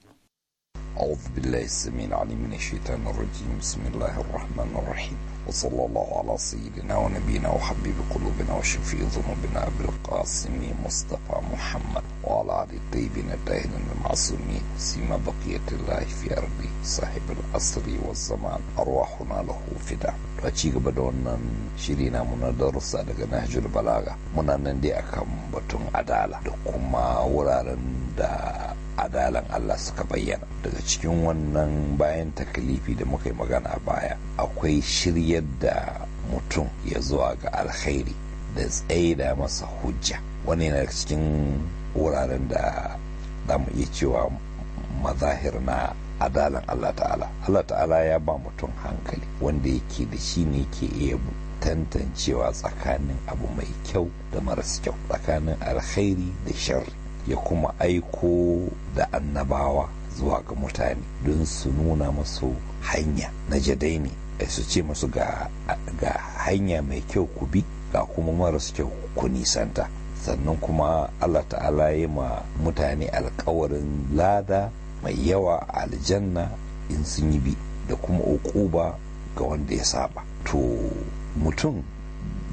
أعوذ بالله السميع العليم من الشيطان الرجيم بسم الله الرحمن الرحيم وصلى الله على سيدنا ونبينا وحبيب قلوبنا وشفيع ذنوبنا أبي القاسم مصطفى محمد وعلى الطيبين الطاهرين المعصومين سيما بقية الله في أرضي صاحب العصر والزمان أرواحنا له فداء a ci gaba da wannan shiri na muna darussa daga nahjul balaga muna nan dai akan batun adala da kuma wuraren da adalan Allah suka bayyana daga cikin wannan bayan takalifi da muka yi magana a baya akwai shiryar da mutum ya zuwa ga alkhairi da tsaida masa hujja wani yana cikin wuraren da za mu iya cewa mazahir na adalan Allah ta'ala Allah ta'ala ya ba mutum hankali wanda yake da shi ne ke iya tantancewa tsakanin abu mai kyau da maras kyau tsakanin alkhairi da sharri ya kuma aiko da annabawa zuwa ga mutane don su nuna masu hanya na jadai ne eh, su ce masu ga hanya mai kyau ku bi ga kuma maras kyau ku nisanta sannan kuma allah ta'ala ya ma mutane alkawarin lada mai yawa a aljanna in sun yi bi da kuma ukuba ga wanda ya saba to mutum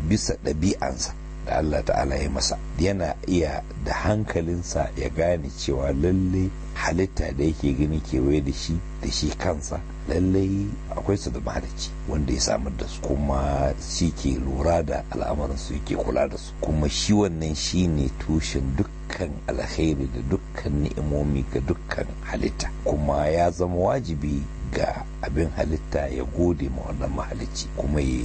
bisa ɗabi'ansa da allah ta'ala ya masa yana iya da hankalinsa ya gane cewa lalle halitta da yake gani kewaye da shi da shi kansa lallai akwai su da mahalici wanda ya samar da su kuma shi ke lura da al'amarin su yake kula da su kuma shi wannan shi ne tushen dukkan alkhairi da dukkan ni'imomi ga dukkan halitta kuma ya zama wajibi ga abin halitta ya gode ma wannan mahalicci kuma ya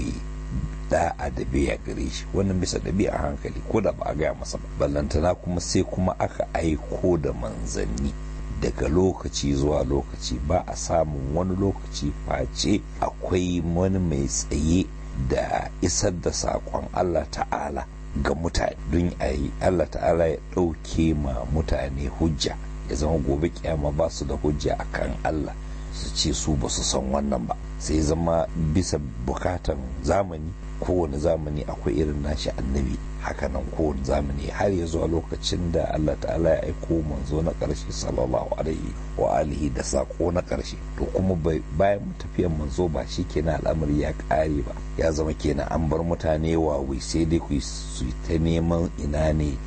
da'a da biya gare shi wannan bisa ɗabi'a hankali ko da ba a gaya masa ba ballantana kuma sai kuma aka aiko da manzanni daga lokaci zuwa lokaci ba a samun wani lokaci face akwai wani mai tsaye da isar da saƙon Allah ta'ala ga mutane don a yi Allah ta'ala ya ɗauke ma mutane hujja ya zama gobe kyama ba su da hujja a kan Allah su ce su ba su san wannan ba sai zama bisa bukatan zamani kowane zamani akwai irin nashi annabi hakanan kowane zamani har ya zuwa lokacin da Allah ta'ala ya aiko manzo na karshe sallallahu alaihi wa alihi da sako na karshe to kuma bayan tafiyan manzo ba shi kenan al'amari ya ƙare ba ya zama kenan an bar mutane wai sai dai ku su ta neman ina ne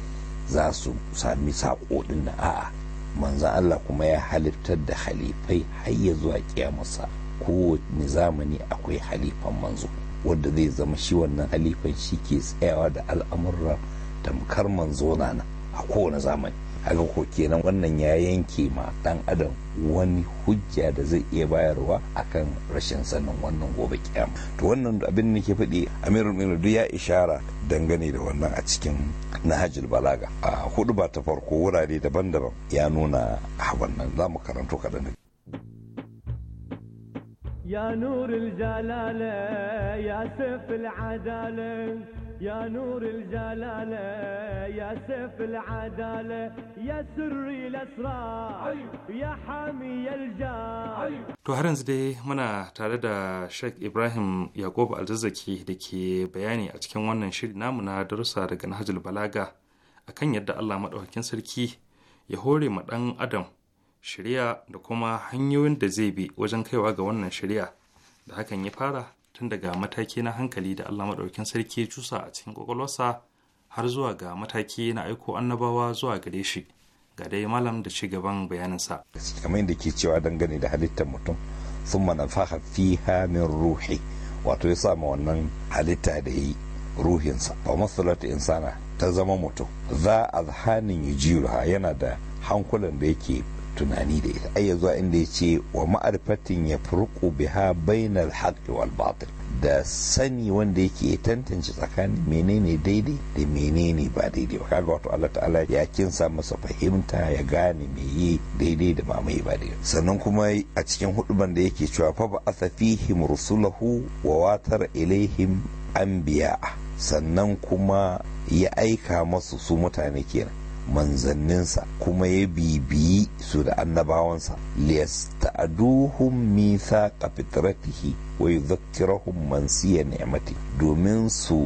za su sami sako din na a'a manzo Allah kuma ya halittar da halifai har ya zuwa kiyamarsa kowane zamani akwai halifan manzo wanda zai zama shi wannan halifan shi ke tsayawa da al'amurra tamkar manzo na a kowane zamani haka ko kenan wannan ya yanke ma dan adam wani hujja da zai iya bayarwa akan rashin sanin wannan gobe kyam. to wannan abin da ke faɗi amirul mu'minin ya ishara dangane da wannan a cikin nahajul balaga a hudu ba ta farko wurare daban-daban ya nuna a wannan za mu karanto kaɗan يا نور الجلالة يا سيف العدالة يا نور الجلالة يا سيف العدالة يا سري الأسرار يا حامي الجار To har yanzu dai muna tare da Sheikh Ibrahim yakubu Alzazzaki da ke bayani a cikin wannan shiri namu na darussa daga Nahjul Balaga akan yadda Allah maɗaukakin sarki ya hore ma ɗan Adam shirya da kuma hanyoyin da zai bi wajen kaiwa ga wannan shirya da hakan ya fara tun daga mataki na hankali da Allah maɗaukin sarki cusa a cikin ƙwaƙwalwarsa har zuwa ga mataki na aiko annabawa zuwa gare shi ga dai malam da ci gaban bayaninsa. kamar yadda ke cewa dangane da halittar mutum sun manafaha fiha min ruhi wato ya sa wannan halitta da yi ruhinsa ba masalata insana ta zama mutum za a zahanin yujiruha yana da hankulan da yake tunani da ita ai zuwa inda ya ce wa ma'arfatin ya furqu biha bainal haqqi wal batil da sani wanda yake tantance tsakanin menene daidai da menene ba daidai ba kaga wato Allah ta'ala ya kinsa masa fahimta ya gane me daidai da mamaye ba daidai sannan kuma a cikin huduban da yake cewa fa ba'atha fihim rusulahu wa watar ilaihim anbiya sannan kuma ya aika masu su mutane kenan manzanninsa kuma ya bibiyi su da annabawansa liyasta'duhum mithaqa fitratihi wa yudhakkirahum mansiya ni'mati domin su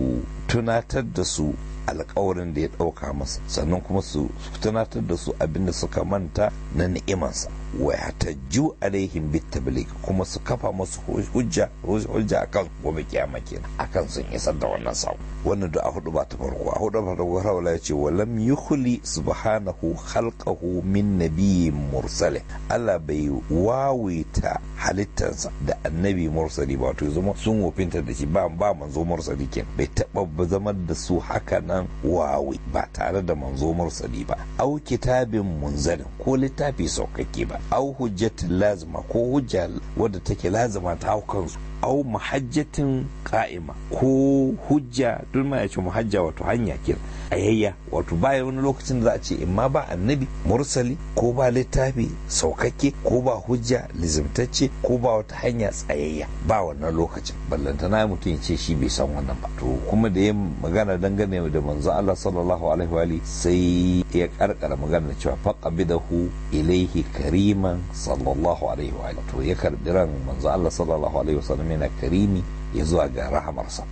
tunatar da su alkawarin da ya ɗauka masa sannan kuma su tunatar da su abinda suka manta na ni'imansa wa yatajju alaihim bitabliq kuma su kafa musu hujja hujja akan gobe kiyama kenan akan sun isar da wannan sako wannan da a hudu ba ta farko a hudu ba ta wala ya ce wa lam yukhli subhanahu khalqahu min nabiyyin mursale Allah bai wawita halittarsa da annabi mursali ba to zama sun wofinta da shi ba ba manzo mursali kenan bai taba zama da su haka nan wawi ba tare da manzo mursali ba au kitabin munzalin ko littafi saukakke ba au hujjatin lazima ko hujja wadda take lazima ta hau kansu au mahajjatin ka'ima ko hujja duk ma ya ce muhajja wato hanya kin ayayya wato baya wani lokacin da za a ce ma ba annabi mursali ko ba littafi saukakke ko ba hujja lizimtacce ko ba wata hanya tsayayya ba wannan lokacin ballanta na mutum ya ce shi bai san wannan ba to kuma da ya magana dangane da manzo Allah sallallahu alaihi wa sai ya karkara magana cewa faqabidahu ilaihi kariman sallallahu alaihi wa to ya karbi ran manzo Allah sallallahu alaihi wa min karimi ya zuwa ga rahamarsa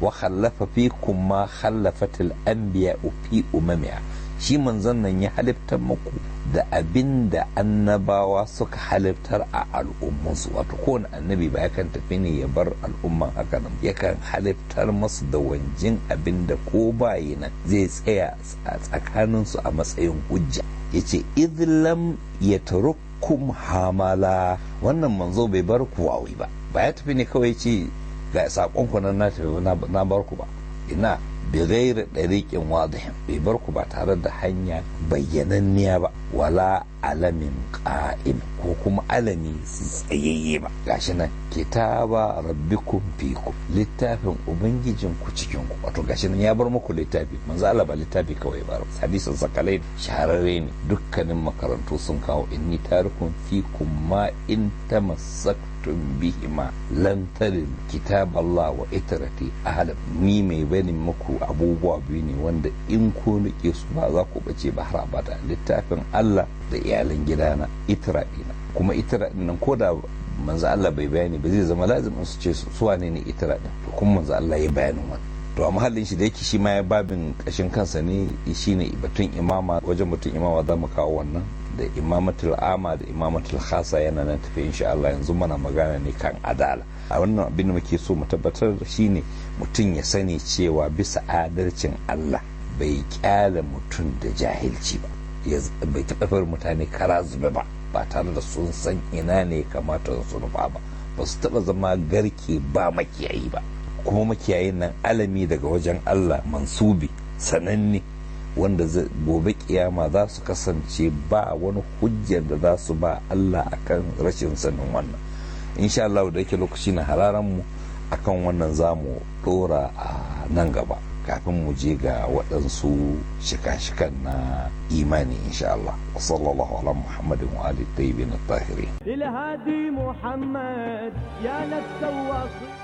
wa khallafa fikum ma khallafatil anbiya fi umamiya shi manzon nan ya halittar muku da abin da annabawa suka halittar a al'ummansu wato kowane annabi ba yakan tafi ne ya bar al'umman haka nan yakan halittar masu da wanjin abin da ko bayi nan zai tsaya a tsakaninsu a matsayin hujja ya ce idlam ya tarukum hamala wannan manzo bai bar kuwawi ba ba ya tafi ne kawai ce ga saƙonku na na bar ku ba ina bigairi ɗariƙin wadihin bai bar ku ba tare da hanya bayyananniya ba wala alamin ƙa'im ko kuma alami tsayayye ba gashi nan kitaba rabbikum fikum littafin ubangijin ku cikin ku wato gashi nan ya bar muku littafi manzo Allah ba littafi kawai ba hadisin sakalai shahararre ne dukkanin makarantu sun kawo inni tarikun fikum ma in tamassaktu kuntum bihima lantarin talil kitab Allah wa itarati ahada ni mai banin muku abubuwa biyu ne wanda in ko nuke su ba za ku bace ba har abada littafin Allah da iyalan na itira dina kuma itira din nan da manzo Allah bai bayani ba zai zama lazimin su ce su wane ne itira din to kuma manzo Allah ya bayani wannan to a mahallin shi da yake shi ma ya babin kashin kansa ne shine batun imama wajen batun imama za mu kawo wannan da imamatul ama da imamatul khasa yana nan tafi insha Allah yanzu mana magana ne kan adala a wannan abin da muke so mu tabbatar shine mutum ya sani cewa bisa adalcin Allah bai kyale mutum da jahilci ba ya bai taɓa mutane kara zube ba ba tare da sun san ina ne kamata su nufa ba ba su taɓa zama garke ba makiyayi ba kuma makiyayin nan alami daga wajen Allah mansubi sananne wanda gobe kiyama za su kasance ba wani hujjar da za su ba Allah akan rashin sanin wannan insha Allah da yake lokaci na hararan mu akan wannan zamu mu dora a nan gaba kafin mu je ga waɗansu shika-shikan na imani insha Allah wa sallallahu ala muhammadin wa ali tayyibin at-tahirin ilhadi muhammad ya